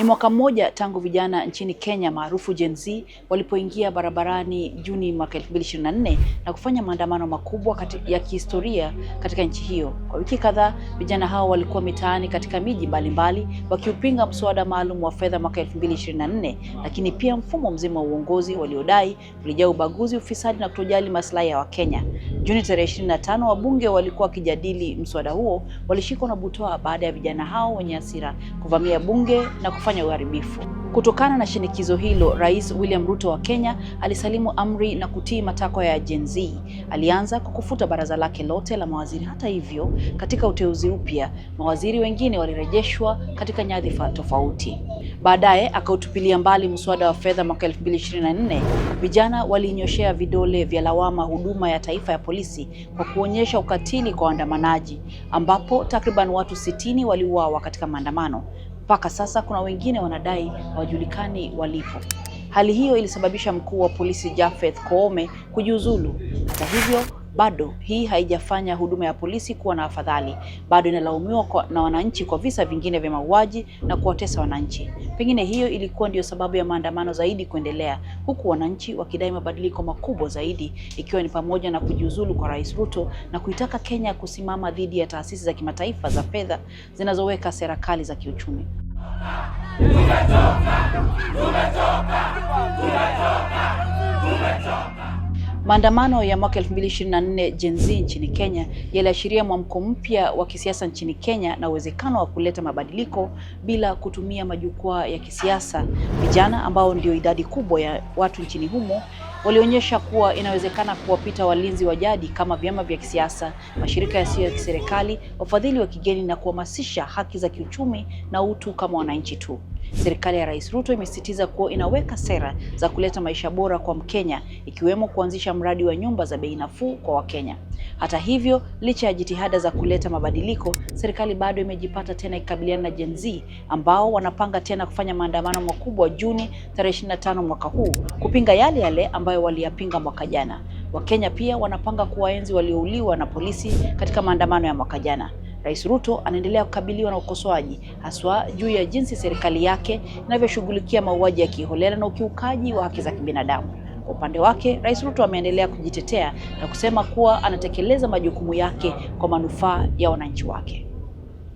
Ni mwaka mmoja tangu vijana nchini Kenya maarufu Gen Z walipoingia barabarani Juni mwaka 2024 na kufanya maandamano makubwa kati ya kihistoria katika nchi hiyo. Kwa wiki kadhaa, vijana hao walikuwa mitaani katika miji mbalimbali wakiupinga mswada maalum wa fedha mwaka 2024, lakini pia mfumo mzima wa uongozi waliodai ulijaa ubaguzi, ufisadi na kutojali maslahi ya Wakenya. Juni tarehe 25, wabunge walikuwa wakijadili mswada huo walishikwa na butoa baada ya vijana hao wenye hasira kuvamia bunge na kufanya kufanya uharibifu. Kutokana na shinikizo hilo, Rais William Ruto wa Kenya alisalimu amri na kutii matakwa ya Gen Z. Alianza kwa kufuta baraza lake lote la mawaziri. Hata hivyo, katika uteuzi upya, mawaziri wengine walirejeshwa katika nyadhifa tofauti. Baadaye akautupilia mbali mswada wa fedha mwaka 2024. Vijana walinyoshea vidole vya lawama huduma ya taifa ya polisi kwa kuonyesha ukatili kwa waandamanaji, ambapo takriban watu sitini waliuawa katika maandamano. Mpaka sasa kuna wengine wanadai hawajulikani walipo. Hali hiyo ilisababisha mkuu wa polisi Jafeth Koome kujiuzulu. Hata hivyo, bado hii haijafanya huduma ya polisi kuwa na afadhali. Bado inalaumiwa na wananchi kwa visa vingine vya mauaji na kuwatesa wananchi. Pengine hiyo ilikuwa ndiyo sababu ya maandamano zaidi kuendelea, huku wananchi wakidai mabadiliko makubwa zaidi, ikiwa ni pamoja na kujiuzulu kwa Rais Ruto na kuitaka Kenya kusimama dhidi ya taasisi za kimataifa za fedha zinazoweka serikali za kiuchumi. 大任务越重大 Maandamano ya mwaka 2024 Gen Z nchini Kenya yaliashiria mwamko mpya wa kisiasa nchini Kenya na uwezekano wa kuleta mabadiliko bila kutumia majukwaa ya kisiasa. Vijana ambao ndio idadi kubwa ya watu nchini humo walionyesha kuwa inawezekana kuwapita walinzi wa jadi kama vyama vya kisiasa, mashirika yasiyo ya kiserikali, wafadhili wa kigeni na kuhamasisha haki za kiuchumi na utu kama wananchi tu. Serikali ya Rais Ruto imesisitiza kuwa inaweka sera za kuleta maisha bora kwa Mkenya, ikiwemo kuanzisha mradi wa nyumba za bei nafuu kwa Wakenya. Hata hivyo, licha ya jitihada za kuleta mabadiliko, serikali bado imejipata tena ikikabiliana na Gen Z ambao wanapanga tena kufanya maandamano makubwa Juni tarehe 25 mwaka huu kupinga yale yale ambayo waliyapinga mwaka jana. Wakenya pia wanapanga kuwaenzi waliouliwa na polisi katika maandamano ya mwaka jana. Rais Ruto anaendelea kukabiliwa na ukosoaji haswa juu ya jinsi serikali yake inavyoshughulikia mauaji ya kiholela na ukiukaji wa haki za kibinadamu. Kwa upande wake, Rais Ruto ameendelea kujitetea na kusema kuwa anatekeleza majukumu yake kwa manufaa ya wananchi wake.